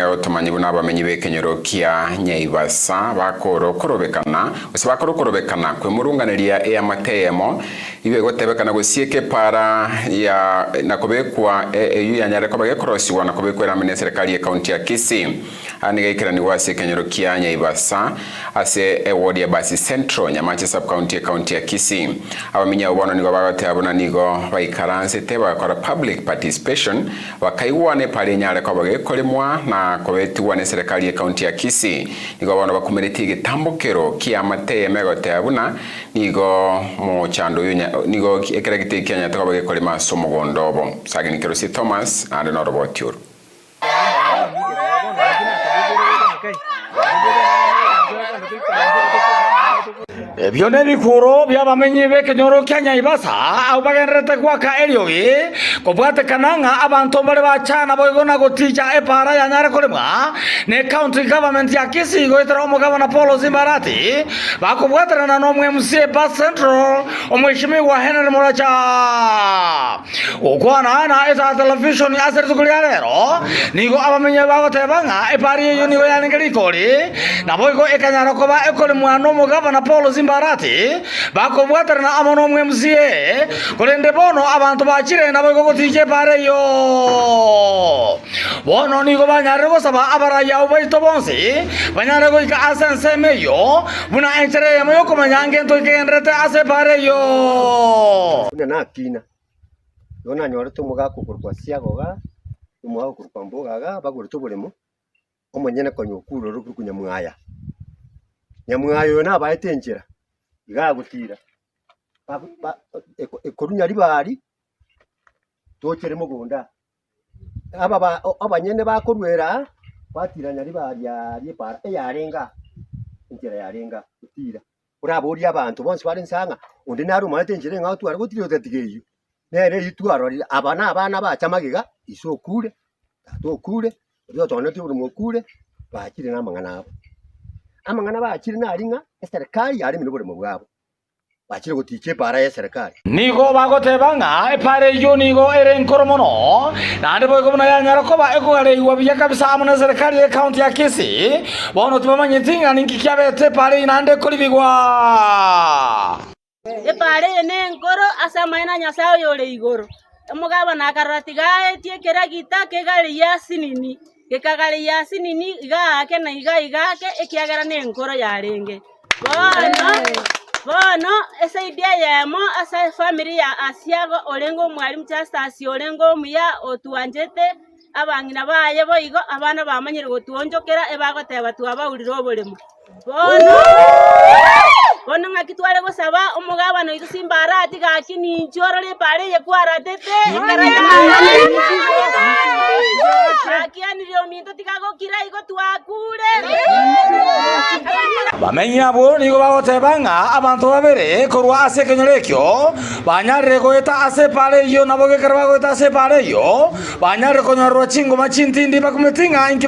otomanyigu na bamenyi bekenyero kia nyaivasa bakorwo kurubikana gusi bakorwo kurubikana kwi murunganiria ya e matemo ibe para ya na kubekwa eu e, ya bagekorosiwa na era mene serikali ya kaunti ya Kisii anigekirani wasi kenyero kia nyaivasa ase eward ya basi central nyamache sub county ya kaunti ya Kisii abamenya obono nigo bagatebana nigo baikaransete bagakora public participation bakaiwane pari nyareko bagekorimwa na kwa wetu wane serikali ya kaunti ya kisi nigo bono bakumereti gitambo kero kia mateye megote abuna nigo mo chando yunya nigo ekere gite kenya to bage kolima somo gondo bo sagini kero si thomas and not about you byone bikuro byabamenyi b'ekinyoro kya nyaibasa au bagenderete gwaka eriogi kobwatekana ng'a abanto mbare bachana boigona gotija epara ya nyare korimwa ne county government ya kisigo etera omugabana paulo zimbarati bakobwaterana n'omwe mc pa central omweshimiwa henry moracha okwanana esa televisioni aseritukulia rero nigo abamenyi bagoteba ng'a epara eyo nigo yanengerikori nabo igo ekanyara koba ekorimwa n'omugabana paulo zimbarati barati bakobwatarana amo nomwe musie kolende bono abantu bachirenda boiko gotiche bare yo bono nigo banyare gosaba abarayao baito bonse banyare goika ase enseme yo buna enchere yamo yokomanya ngento ikenrete ase bare yo nakina nona nyorete omogaka okorwa siagoga omwaka okorwa mbogaga bagorete oboremo omonyene konya okurora mwaya nyamwayo oyo nabaete enchera igagutira ikurunya e, e, ribari tokere mugunda aba abanyene bakurwera kwatiranya ribari yaripara eyarenga injira yarenga utira uraburia abantu bonse bari nsanga undi naruma atenjire nka twara gutire utatigeyo nere yitwaro aba na abana bacamagiga isokure tatokure ryo tonete uri mukure bakire namangana abo amang'ana bakire naring'a eserekari yaremire oboremo bwabo bakire goticha ebara ya eserikari nigo bagoteba ng'a epara eyo nigo ere nkoro mono naende boigo buna yanyara koba ekogareiwa buya kabisa amo na eserikari ya ekaunti ya kisii bono tibamanyeti ng'a ninki kiabete epara eyi naende ekoribigwa epara eye na enkoro ase amaene a nyasaye oyo ore igoro omogaba e nakarora tigaetie ekera gita kegarei asinini gikagari yasi nini igake na iga igake ikiagera ni ngoro yarenge bono bono esaidia yemo asa family ya asiago olengo mwalimu chastasi olengo muya otuanjete abang'ina baye igo abana bamanyire gotwonjokera ebagoteba twabaurire oboremu bono bono ng'aki tware gosaba omogabano igo simbarati gaki ninchorore pare yekwaratete ekaraaa nitå tigagå kira igå wakure bamenyabo nigo bagotebang'a abanto babere korwa ase ekenyorekio banyarire goeta ase epara eywo nabo gekero bagoeta ase epara eywo banyarire konyorerwa chingoma chintindi bakometing'a inki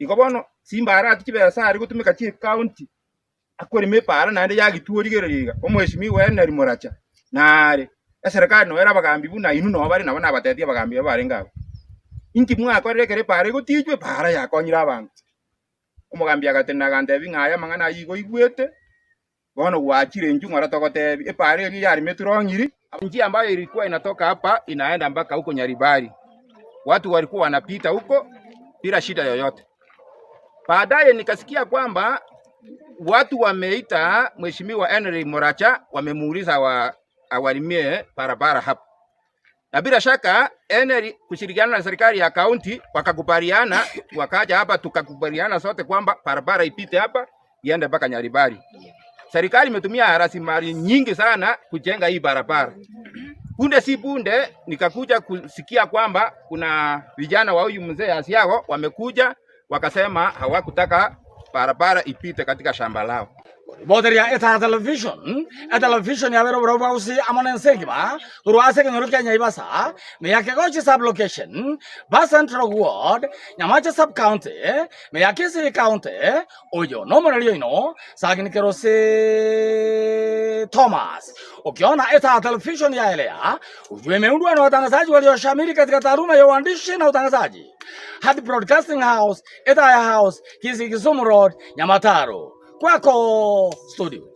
igo bono simbara ati chibesari gotumika chi county akorima epara naende yagitworigereriga omweshimiwa ene nari moracha nare eserikali noera abagambi buna inu nobare nabo nabatetia abagambi babare inkimwakorire kere para igotichwe para yakonyire abantu omogambi agatena ndebi ng'aya mang'ana igoigwete bono gwachire nju ng'ora togotebi ni e yari yarime turong'iri njia ambayo ilikuwa inatoka hapa inaenda mpaka huko Nyaribari. Watu walikuwa wanapita huko bila shida yoyote. Baadaye nikasikia kwamba watu wameita mheshimiwa Henry Moracha, wamemuuliza wa awalimie barabara hapa na bila shaka nl kushirikiana na serikali ya kaunti wakakubaliana, wakaja hapa tukakubaliana sote kwamba barabara ipite hapa iende mpaka Nyaribari. Serikali imetumia rasilimali nyingi sana kujenga hii barabara. Punde si punde nikakuja kusikia kwamba kuna vijana wa huyu mzee Asiago wamekuja wakasema hawakutaka barabara ipite katika shamba lao bodariya ita television e television ya wero bravo usi amonen se kiba ruwa se ke nurke nyai basa me yake go chi sub location ba central ward nyama cha sub county me yake se county oyo no mo rio no sagin kero se thomas ukiona ita television ya ile ya ujue meundwa na watangazaji walioshamiri katika taaluma ya uandishi na utangazaji hadi broadcasting house ita ya house kisi kisumu road nyamataro 广告做的。